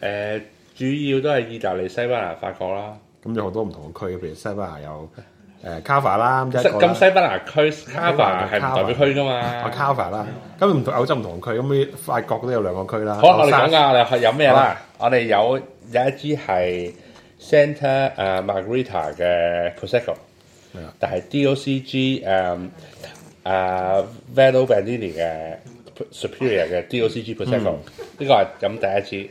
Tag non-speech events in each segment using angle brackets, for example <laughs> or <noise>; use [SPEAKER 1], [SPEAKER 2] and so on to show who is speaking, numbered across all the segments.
[SPEAKER 1] 誒主要都係意大利、西班牙、法國啦，咁有好多唔同嘅區。譬如西班牙有誒卡伐啦，咁西班牙區卡伐係代表區㗎嘛。卡伐啦，咁唔同歐洲唔同區，咁你法國都有兩個區啦。好，我哋講下，我哋係飲咩啦？我哋有第一支係 Santa 阿 Margherita 嘅 Prosecco，但係 DOCG 誒阿 Valdobbiadene 嘅 Superior 嘅 DOCG Prosecco，呢個係飲第一支。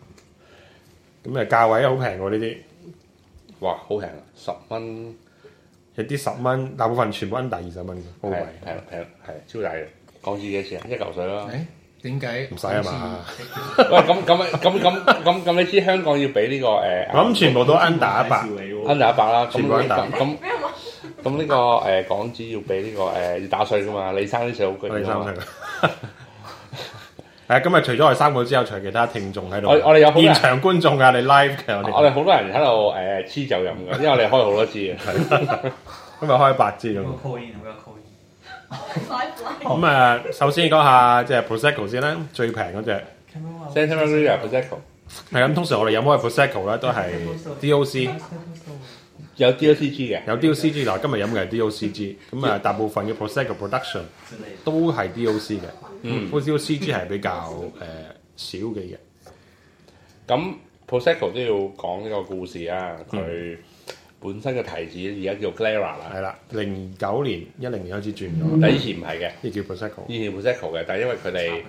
[SPEAKER 1] 咁啊價位好平喎呢啲，哇好平啊十蚊，一啲十蚊，大部分全部 under 二十蚊嘅，平超大嘅。港紙幾多錢啊？一嚿水咯。點解唔使啊嘛？喂，咁咁咁咁咁咁，你知香港要俾呢個誒？咁全部都 under 一百 under 一百啦。咁咁咁咁呢個誒港紙要俾呢個誒要打稅噶嘛？你生啲水好貴。生誒，今日除咗我哋三個之外，除有其他聽眾喺度。我哋有現場觀眾噶，你 live 嘅。我哋好多人喺度誒黐酒飲嘅，因為我哋 <laughs> 開好多支嘅。今日開八支咁。
[SPEAKER 2] 咁啊，
[SPEAKER 1] 首先講下即係 Prosecco 先啦，最平嗰隻。Santa Margherita 係咁，通常我哋有冇開 Prosecco 咧都係 DOC。有 D O C G 嘅，有 D O C G 嗱，今日飲嘅係 D O C G，咁啊大部分嘅 Prosecco 嘅 production 都係 D O C 嘅，嗯，好似 O、CO、C G 係比較誒少嘅嘢。咁、呃嗯、Prosecco 都要講呢個故事啊，佢、嗯、本身嘅提子而家叫 Glera 啦，係啦，零九年一零年開始轉咗，但以前唔係嘅，呢叫 Prosecco，以前 Prosecco 嘅，但係因為佢哋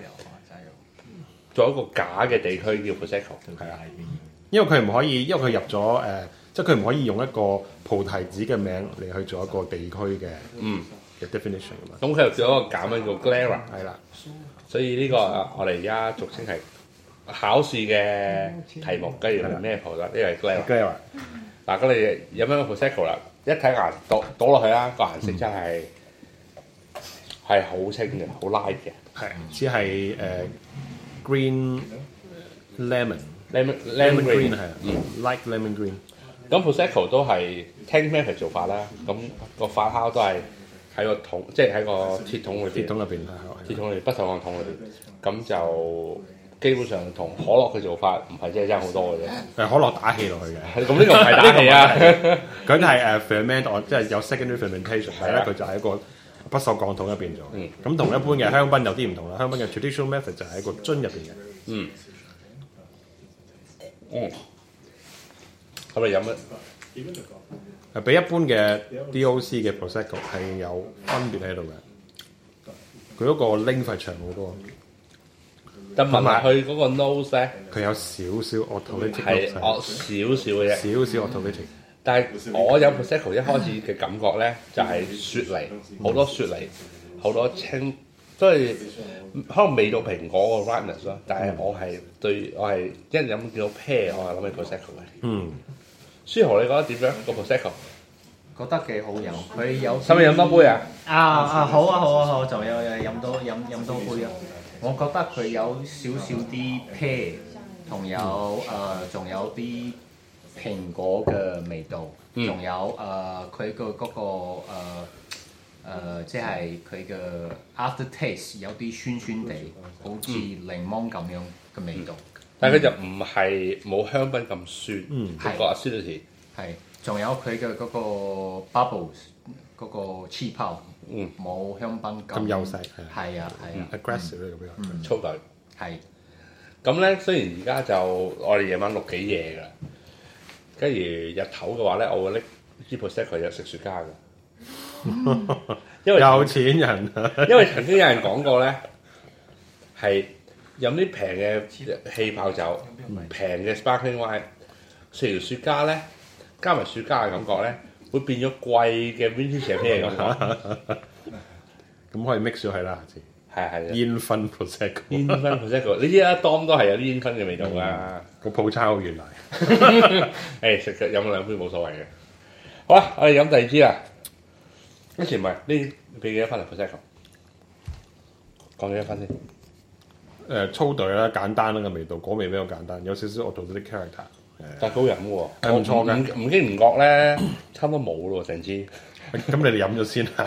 [SPEAKER 1] 做一個假嘅地區叫 Prosecco 係啊，因為佢唔可以，因為佢入咗誒。呃即係佢唔可以用一個葡提子嘅名嚟去做一個地區嘅，嗯嘅 definition 㗎嘛。咁佢又做一個減嘅叫 Glera 係啦。所以呢個我哋而家俗稱係考試嘅題目，跟住咩葡提？呢個 Glera 嗱，咁你有咩 p o t e c h o l 啦？一睇顏倒倒落去啦，個顏色真係係好清嘅，好 light 嘅。係。只係誒 green lemon，lemon lemon green 係 light lemon green。咁 Prosecco 都係 tank method 做法啦，咁、那個發酵都係喺個桶，即係喺個鐵桶裏邊，鐵桶裏邊，不鏽的鋼桶裏邊。咁就基本上同可樂嘅做法唔係真係差好多嘅啫。誒，可樂打氣落去嘅，咁呢 <laughs> 個唔係打氣， <laughs> 氣啊，佢係誒 ferment，即係有 secondary fermentation，但係咧佢就係一個不鏽鋼桶入邊咗。咁、嗯、同一般嘅香檳有啲唔同啦，香檳嘅 traditional method 就係一個樽入邊嘅。嗯。嗯。咁咪有乜？點樣嚟講？比一般嘅 DOC 嘅 Prosecco 係有分別喺度嘅。佢嗰個 ling 粉長好多，同埋佢嗰個 nose 咧，佢有少少 autolytic，係惡是少少嘅啫。少少 autolytic。但係我飲 Prosecco 一開始嘅感覺咧，就係雪梨，好、嗯、多雪梨，好、嗯、多青。所以、嗯、可能未到蘋果嘅 ripeness 啦，但係我係對，我係一飲叫到 pear，我係諗起 Prosecco 嘅。嗯。舒豪，iro, 你覺得點樣、嗯、個 Prosecco 覺得幾好飲，佢有。使唔使飲多杯啊？
[SPEAKER 2] 啊啊好啊好啊好啊，仲有有飲多飲飲多杯啊！我覺得佢有少少啲 pear，同有誒仲、嗯呃、有啲蘋果嘅味道，仲、嗯、有誒佢嘅嗰個誒即係佢嘅 after taste 有啲酸酸
[SPEAKER 1] 地，好似檸檬咁樣嘅味道。嗯嗯但佢就唔係冇香檳咁酸，個 acidity，係仲有佢嘅嗰個 bubbles 嗰個氣泡，嗯，冇香檳咁幼細，係啊，係啊，aggressive 咁樣，嗯，粗略，係。咁咧，雖然而家就我哋夜晚六幾夜噶，跟住日頭嘅話咧，我會拎 super set 佢有食雪茄噶，因為有錢人，因為曾經有人講過咧，係。飲啲平嘅氣泡酒，平嘅 sparkling wine，食條雪茄咧，加埋雪茄嘅感覺咧，會變咗貴嘅 winter champagne 咁啊！咁可以 mix 咗係啦，係係煙燻 prosecco，煙燻 prosecco，你知啦，當都係有啲煙燻嘅味道㗎。個鋪差好遠嚟，誒食食飲兩杯冇所謂嘅。好啦，我哋飲第二支啦。之前唔係你俾幾多分嚟 prosecco？講幾多分先？誒粗隊啦，簡單啦個味道，果味比較簡單，有少少我做咗啲 character，但係好飲喎，唔錯嘅。唔經唔覺咧，差唔多冇咯，成支。咁你哋飲咗先啊！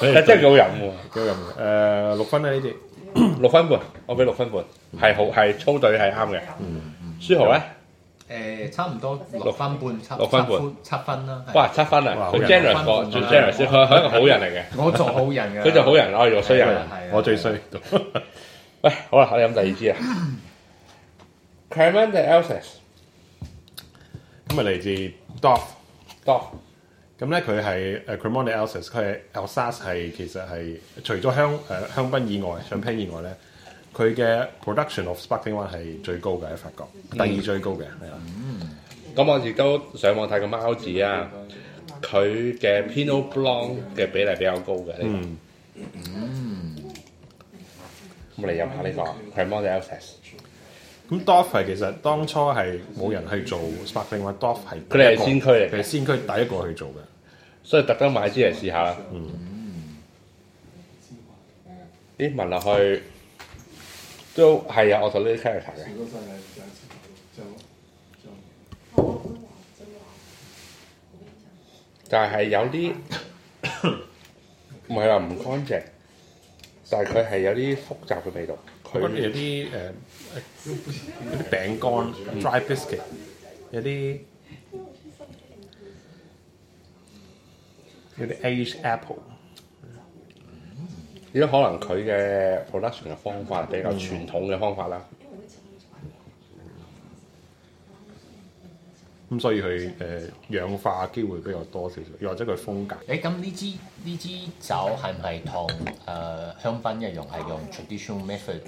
[SPEAKER 1] 真係幾好飲喎，幾好飲。誒六分啦呢隻，六分半，我俾六分半，係好係粗隊係啱嘅。舒豪咧。誒差唔多六分半，七六分半，七分啦。哇！七分啊，好 generous 過，最 generous 少，佢係一個好人嚟嘅。我做好人嘅，佢做好人，我係做衰人，我最衰。喂，好啦，你飲第二支啊。Cremant d'Alsace 咁啊，嚟自 Dopff Dopff。咁咧，佢係誒 Cremant d'Alsace，佢係 Alsace，係其實係除咗香誒香檳以外，想拼以外咧。佢嘅 production of sparkling wine 係最高嘅喺法國，第二最高嘅係啊。咁我亦都上網睇個貓子啊，佢嘅 Pinot Blanc 嘅比例是比較高嘅。嗯，
[SPEAKER 2] 咁
[SPEAKER 1] 嚟飲下呢、這個 Cremant d'Alsace 咁 Dopff 其實當初係冇人去做 sparkling wine，Dopff 係佢哋係先驅嚟嘅，他先驅第一個去做嘅，所以特登買支嚟試下啦。嗯，咦，聞落去～、嗯都係啊！我同你一齊嚟睇嘅。就係有啲唔係話唔乾淨，但係佢係有啲複雜嘅味道。佢有啲
[SPEAKER 2] 誒，有啲餅乾 （dry
[SPEAKER 1] biscuit），有啲有啲 aged apple。呢啲可能佢嘅 production 嘅方法比較傳統嘅方法啦，
[SPEAKER 2] 咁、
[SPEAKER 1] 嗯嗯、所以佢誒氧化機會比較多少少，又或者佢風格。誒、欸，咁呢支呢支酒係唔係同誒
[SPEAKER 2] 香檳一樣，係用 traditional method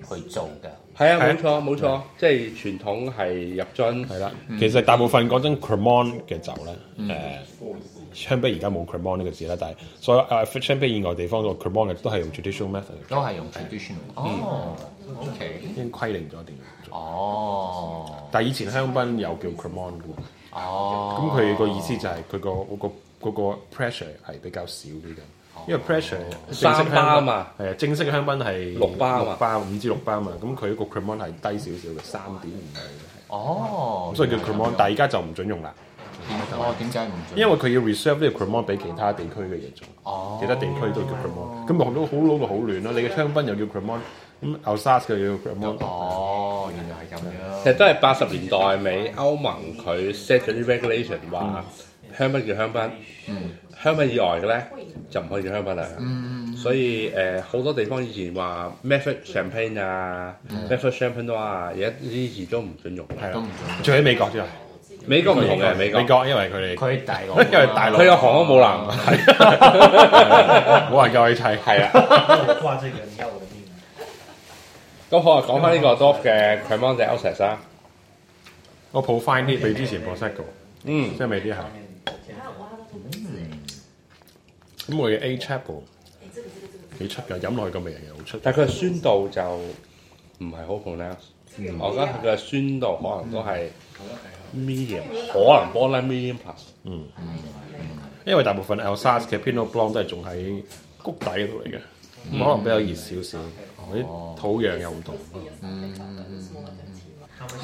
[SPEAKER 2] 去做嘅？係啊，冇
[SPEAKER 1] 錯，冇錯、啊，即係傳統係，係入樽係啦。嗯、其實大部分講真 Cremant 嘅酒咧，誒、嗯。嗯香檳而家冇 Cremant 呢個字啦，但係所有啊香檳以外地方個 Cremant 嘅都係用 traditional method，都係用 traditional 的。哦，OK，已經規定咗定用咗。哦，但係以前香檳又叫 Cremant 嘅喎。哦，咁佢個意思就係佢個嗰個 pressure 係比較少啲嘅，因為 pressure 三巴啊嘛，係啊，正式嘅香檳係六巴，六巴五至六巴啊嘛，咁佢個 Cremant 係低少少嘅，三點五。的哦，
[SPEAKER 2] 所以叫 Cremant、嗯、但係而
[SPEAKER 1] 家就唔準用啦。
[SPEAKER 2] 哦，點解唔？因為
[SPEAKER 1] 佢要 reserve 呢個 Crémant 畀其他地區嘅嘢做，其他地區都叫 Crémant，咁用到好老咪好亂囉。你嘅香檳又叫 Crémant 咁 Alsace 又叫 Crémant，哦，原來係咁樣。其實都係八十年代尾歐盟佢 set 咗啲 regulation，話香檳叫香檳，香檳以外嘅咧就唔可以叫香檳啦。所以誒，好多地方以前話 method champagne 啊，method champagne 啊，而家呢啲字都唔準用，係。都唔準。仲喺美國之外。美國唔同嘅，美國因為佢哋佢大，因為大陸佢有航空母艦，我話夠鬼砌，係啊，好咁好啊，講翻呢個 Dopff 嘅，Cremant d'Alsace 我抱 fine 啲比之前 Prosecco 啲，嗯，即係未必嚇。
[SPEAKER 2] 咁
[SPEAKER 1] 我嘅 a h a b l e 幾出㗎，飲落去個味又好出，但係佢酸度就唔係好好 pronounce。我覺得佢嘅酸度可能都係 medium，可能波拉 medium plus。嗯，因為大部分 Alsace 嘅 Pinot Blanc 都係仲喺谷底嗰度嚟嘅，可能比較熱少少，啲土壤又唔同。嗯，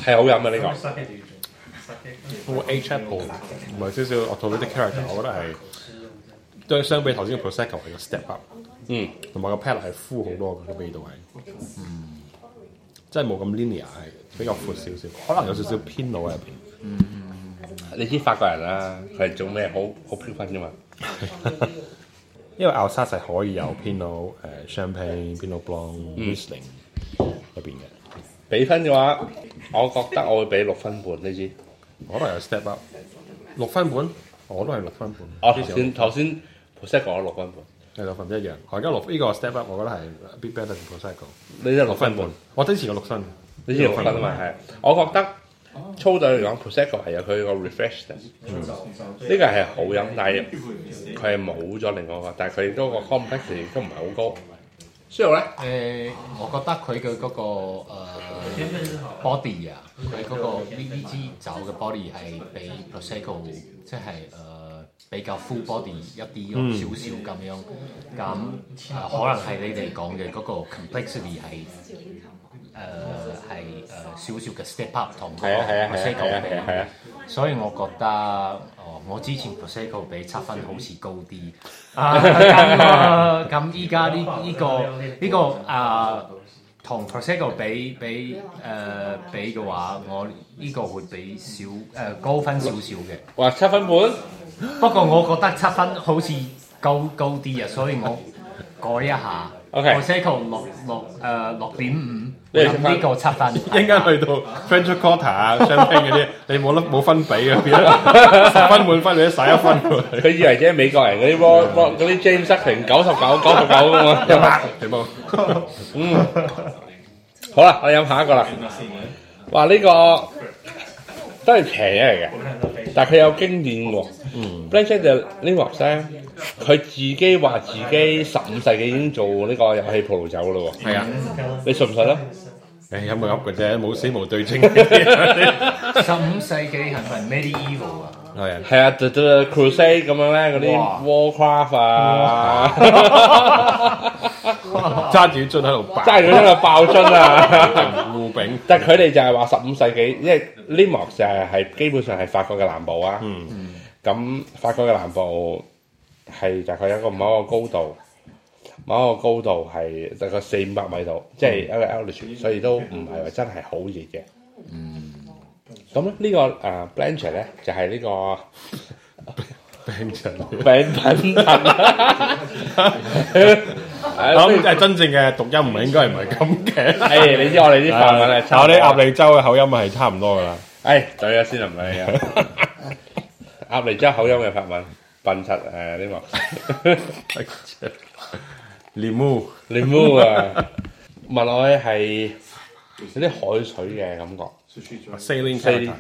[SPEAKER 1] 係好飲嘅呢個。不過 a c h a p p l e 唔係少少，autolytic character，c 我覺得係對相比頭先嘅 Prosecco 係個 step up。嗯，同埋個 palate 係 full 好多嘅味道係。真係冇咁 linear，係比較闊少少，可能有少少偏腦入邊。你知法國人啦，佢係做咩好好偏分㗎嘛？因為澳 e 係可以有偏到誒 champagne、偏到 b l o n c whistling 入邊嘅。比分嘅話，我覺得我會俾六分半，你知？可能有 step up。六分半，我都係六分半。我頭先頭先 e t i 講咗六分半，係六分一樣，我而家六呢個 step up，我覺得係 bit better than prosecco。你得六分半，我支持個六分。你先本六分啊嘛係。我覺得，哦，粗度嚟講，prosecco 係有佢個 refresh 呢個係，嗯、好飲，但係佢係冇咗另外一個，但係佢嗰個 complexity 都唔係好高。
[SPEAKER 2] 之後咧，誒、呃，我覺得佢嘅嗰個，呃、body 啊、就是，佢嗰個呢呢支酒嘅 body 係比 prosecco 即係誒。比較 full body 一啲咁少少咁樣，咁可能係你哋講嘅嗰個 complexity 係，誒係誒少少嘅 step up 同個 Prosecco 比，所以我覺得哦、啊，我之前 Prosecco 比七分好似高啲，咁依家呢呢個呢個啊。啊啊啊啊啊啊啊啊同 Prosecco 比比誒、呃、比嘅話，我呢個會比少誒、呃、高分少少
[SPEAKER 1] 嘅。哇，七分半，不過我
[SPEAKER 2] 覺得七分好似高高啲啊，所以我改一下
[SPEAKER 1] Okay. Prosecco 六六誒六點五。呃你呢個七分，應該去到 French Quarter 啊、餐廳嗰啲，你冇得冇分比嘅，十分滿分你都曬一分喎。佢 <laughs> 以為啫美國人嗰啲啲 James Harden 九十九九十九咁啊，嗯，好啦，我飲下一個啦。哇，呢、呢個真係平嚟嘅。但佢有經驗喎，嗯，Blanquette de Limoux 呢，佢自己話自己十五世紀已經做呢個遊戲葡萄酒嘅咯喎。係啊，你信唔信啦？誒，哎，有冇噏嘅啫，冇死無對證。
[SPEAKER 2] 十五 <laughs> 世紀係咪？係、e、Medieval
[SPEAKER 1] 啊？係啊，係啊 the crusade 咁樣咧，嗰啲哇 Warcraft 啊，揸住樽喺度， <laughs> 爆揸住樽喺度爆樽啊。 <laughs> 但佢哋就係話十五世紀，因為 Limoux 就係基本上係法國嘅南部啊。咁法國嘅南部係大概有一個某一個高度，某一個高度係大概四五百米度，即係一個 altitude，所以都唔係話真係好熱嘅。嗯，咁呢個誒 Blanquette 咧就係呢個 Blanquette。咁誒真正嘅讀音唔係應該係唔係咁嘅？誒，你知我哋啲法文咧，我啲鴨脷洲嘅口音咪係差唔多噶啦。誒，對啊，先嚟啊！鴨脷洲口音嘅法文，笨柒誒呢個。Limoux，Limoux 啊！聞落去係有啲海水嘅感覺。Saline，saline。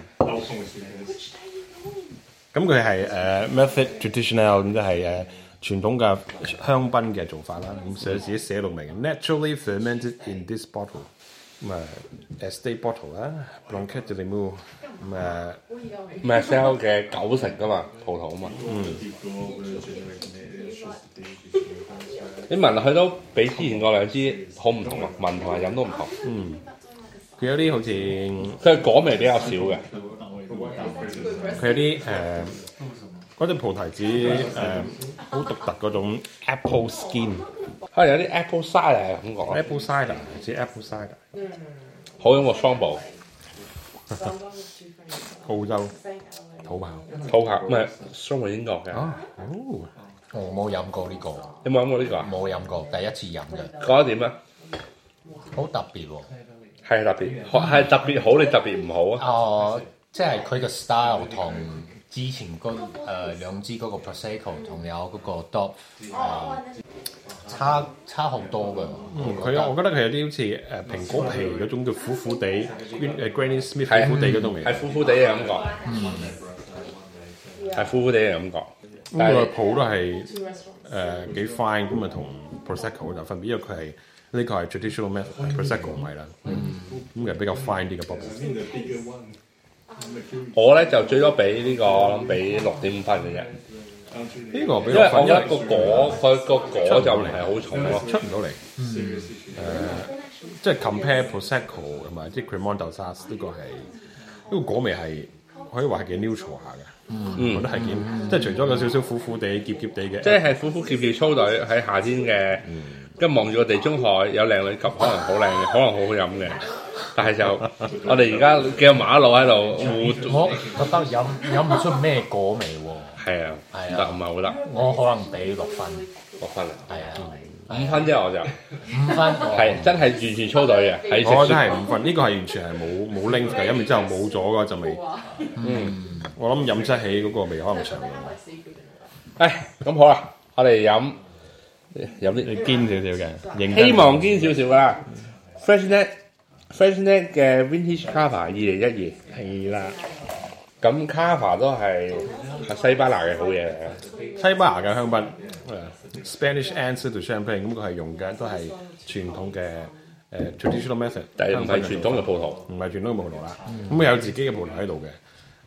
[SPEAKER 1] 咁佢係誒 method traditional，即係誒。傳統嘅香檳嘅做法啦，咁寫自己寫到明，Naturally fermented in this bottle，咁啊 estate bottle 啦，Blanquette de Limoux，咁啊，macel 嘅九成噶嘛葡萄嘛，嗯，你聞落去都比之前嗰兩支好唔同啊，聞同埋飲都唔同，嗯，佢有啲好似，佢係果味比較少嘅，
[SPEAKER 2] 佢有
[SPEAKER 1] 啲誒。嗰啲葡提子誒好獨特嗰種 apple skin，係、嗯、有啲 apple cider 咁講，apple cider 似 apple cider，、mm hmm. 好飲個雙寶， <laughs> 澳洲土啤豪，土啤唔係雙匯英國嘅。哦，我冇飲過呢、這個，你冇飲過呢、這個啊？冇飲過，第一次飲嘅。覺得點啊？好特別喎、哦，係特別，係特別好定特別唔好啊？
[SPEAKER 2] 哦、呃，即係佢個 style 同。之前嗰誒兩支嗰個 prosecco 同有嗰個 Dopff 差差好多嘅。
[SPEAKER 1] 嗯，佢我覺得佢有啲好似誒蘋果皮嗰種叫苦苦地 granny smith 苦苦地嗰種味。
[SPEAKER 2] 係
[SPEAKER 1] 苦苦地嘅感覺。嗯，係苦苦地嘅感覺。咁啊，泡都係誒幾 fine，咁啊同 prosecco 就分別，因為佢係呢個係 traditional method，prosecco 唔係啦。嗯，咁係比較 fine 啲嘅 bubbles。我咧就最多俾呢、這個，我諗俾六點五分嘅啫。呢個俾六分，因為一個果佢了個果就嚟唔係好重嘅，出唔到嚟。誒、嗯呃，即係 compare prosecco 同埋啲 Cremant d'Alsace 呢個係，呢、這個果味係可以話係幾 neutral 下嘅。
[SPEAKER 2] 我、嗯、覺得係幾，嗯、
[SPEAKER 1] 即係除咗有少少苦苦地、澀澀地嘅，即係苦苦澀澀粗隊喺夏天嘅。嗯一望住個地中海，有靚女級可能好靚嘅，可能好好飲嘅，但係就我哋而家叫馬路喺度，我覺得飲飲唔出咩果味喎。係啊，但係唔係好得。我可能俾六分，六分啊。係啊，五分之後我就五分，係真係完全粗隊嘅。我真係五分，呢個係完全係冇冇拎嘅，飲完之後冇咗嗰陣味。
[SPEAKER 2] 嗯，
[SPEAKER 1] 我諗飲得起嗰個味可能上面。誒，咁好啦，我哋飲。有啲堅少少嘅，希望堅少少噶 Freixenet，Freixenet 嘅 Vintage Cava 二零一二，係啦。咁的 Cava 都係西班牙嘅好嘢嚟，西班牙嘅香檳。Spanish answer to champagne，咁佢係用嘅都係傳統嘅誒、呃、traditional method，但係唔係傳統嘅葡萄，唔係傳統嘅葡萄啦。咁佢、嗯嗯、有自己嘅葡萄喺度嘅。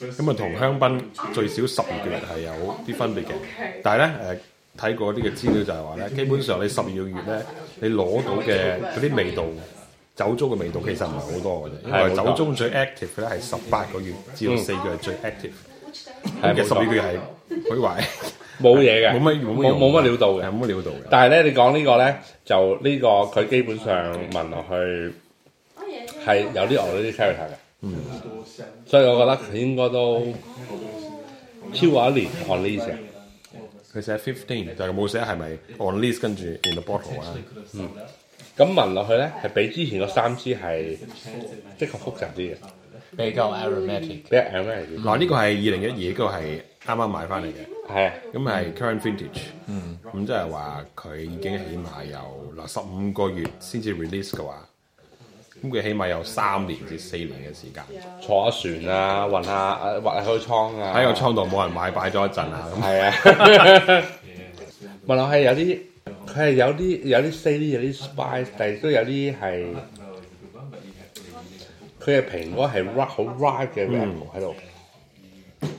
[SPEAKER 1] 咁啊，同香檳最少十二個月係有啲分別嘅。但係咧，誒睇過啲嘅資料就係話咧，基本上你十二個月咧，你攞到嘅嗰啲味道酒糟嘅味道其實唔係好多嘅啫。因為酒中最 active 嘅咧係十八個月，至到四個月最 active、
[SPEAKER 2] 嗯。嘅十二個月係，
[SPEAKER 1] 佢話冇嘢嘅，冇乜冇冇乜料到嘅，冇乜料到嘅。但係咧，你講呢個咧，就呢、呢個佢基本上聞落去係有啲我呢啲 character 嘅。嗯，所以我覺得佢應該都超過一年 on lees 啊，佢寫 fifteen，就冇寫係咪 on lees 跟住 in the bottle 啊？嗯，咁聞落去咧，係比之前嗰三支係即係複雜啲嘅，比較 aromatic，比較 aromatic，嗱，呢個係二零一二，嗰個係啱啱買翻嚟嘅，係啊，咁係 current vintage。嗯，咁即係話佢已經起碼有嗱，十五個月先至 release 嘅話。咁佢起碼有三年至四年嘅時間，有坐船啊，運下，滑下個倉啊，喺個倉度冇人買，擺咗一陣是啊，咁。 <laughs> <laughs> 係啊，無論係有啲，佢係有啲有啲 shady 有啲 spice，但係都有啲係，佢嘅蘋果係 ripe 好 ripe 嘅 apple 喺度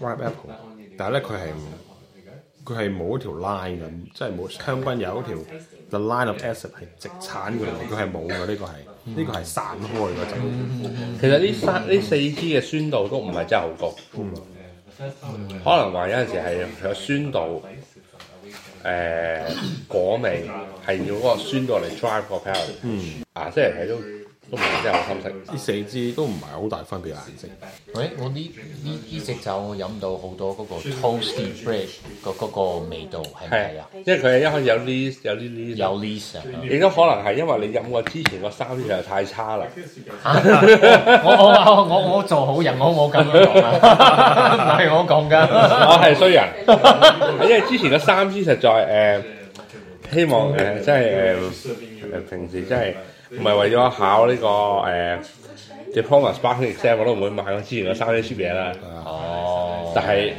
[SPEAKER 1] ripe apple，但係咧佢係。佢係冇一條 line 㗎，即係冇香檳有一條 the line of acid 係直產㗎，佢係冇㗎，呢、這個係呢、嗯、散開嗰種其實呢三呢四支嘅酸度都唔係真係好高，嗯、可能話有陣時係有酸度，誒、呃、果味係要嗰個酸度嚟 drive 個 palate。嗯、啊即係睇到。都唔係真係好深色，呢四支都唔係好大分別顏色。
[SPEAKER 2] 喂、哎，我呢呢
[SPEAKER 1] 呢隻酒我飲到好多嗰個 toasty bread 個嗰、那個味道係唔係啊？即係佢一開有啲有啲有 lees，有 lees，亦都可能係因為你飲過之前個三支實在太差啦、啊。我我我
[SPEAKER 2] 我，我做好人，我冇咁講，唔係 <laughs> <laughs> 我
[SPEAKER 1] 講噶，我係衰人。 <laughs> 因為之前個三支實在誒、呃，希望誒即係誒平時即係。唔係為咗考呢個誒，Diploma Sparkling exam 我都唔會買咯。之前我生啲雪嘢啦，哦，但係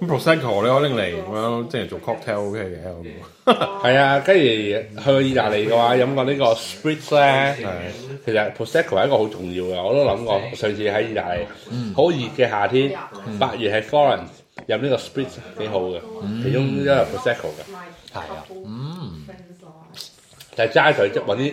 [SPEAKER 1] Prosecco 咧拎嚟咁樣即係做 cocktail OK 嘅，係啊，跟住去意大利嘅話，飲過呢個 Spritz 咧，其實 Prosecco 係一個好重要嘅，我都諗過上次喺意大利好熱嘅夏天，八月喺 Florence 飲呢個 Spritz 幾好嘅，其中一個 Prosecco 嘅，係啊，嗯，就係齋佢，即揾啲。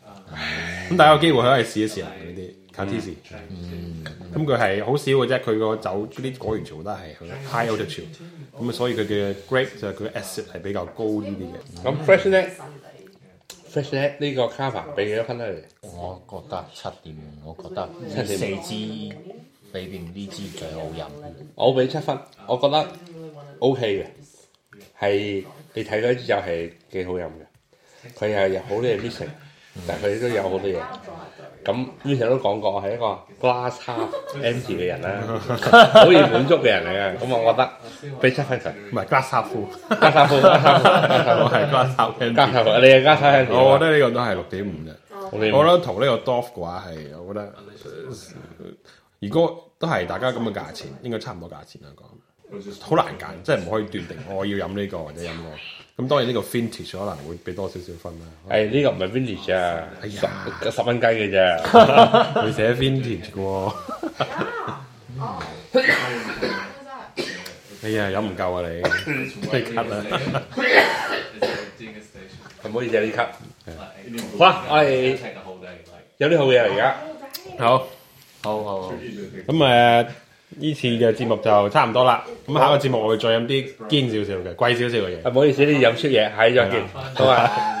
[SPEAKER 1] 咁大家有機會可以試一試啊！呢啲，睇啲試。嗯，咁佢係好少嘅啫，佢個酒嗰啲果園全部都係 high quality。咁所以佢嘅 grape 就係佢 acidity 係比較高呢啲嘅。咁、嗯、Freixenet Freixenet 呢個 Cava 俾幾多分咧？我覺得七點五，我覺得七四支裏面呢支最好飲。我俾七分，我覺得 OK 嘅，係你睇嗰支酒係幾好飲嘅，佢又又好呢嘅 missing。 <laughs> 但佢、嗯、都有好多嘢，咁之前都講過，係一個 glass half empty 嘅人啦，好易 <laughs> 滿足嘅人嚟嘅，咁我覺得 <laughs> 比七分 e 唔係 glass half <laughs> full， <laughs> 我 glass half empty， <laughs> <laughs> 你係 glass half empty 我覺得呢個都係六點五嘅。我覺得同呢個 Dopff 嘅話係，我覺得如果都係大家咁嘅價錢，應該差唔多價錢啦講好難揀，真係唔可以斷定我要飲呢個或者飲我。咁當然呢個 Vintage 可能會俾多少少分啦。誒，呢個唔係 Vintage 啊，哎呀，十蚊雞嘅啫，佢寫 Vintage
[SPEAKER 2] 嘅
[SPEAKER 1] 喎。哎呀，飲唔夠啊你，你咳啊！唔好意思啊，你咳。好啊，我哋有啲好嘢啊而家。好，好好好。咁誒。呢次嘅節目就差唔多啦，咁下個節目我會再飲啲堅少少嘅，貴少少嘅嘢。啊，唔好意思，你飲出嘢，喺再見，的好啊了。
[SPEAKER 2] <laughs>